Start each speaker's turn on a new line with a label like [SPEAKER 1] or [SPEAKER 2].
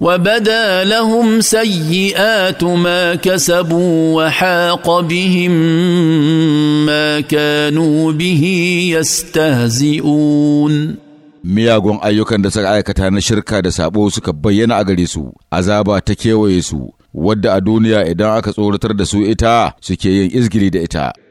[SPEAKER 1] وبدا لهم سيئات ما كسبوا وحاق
[SPEAKER 2] بهم ما كانوا به يستهزئون miyagun ayyukan da suka aikata na shirka da sabo suka bayyana a gare su azaba ta kewaye su wadda a duniya idan aka tsoratar da su ita
[SPEAKER 3] suke yin izgiri da ita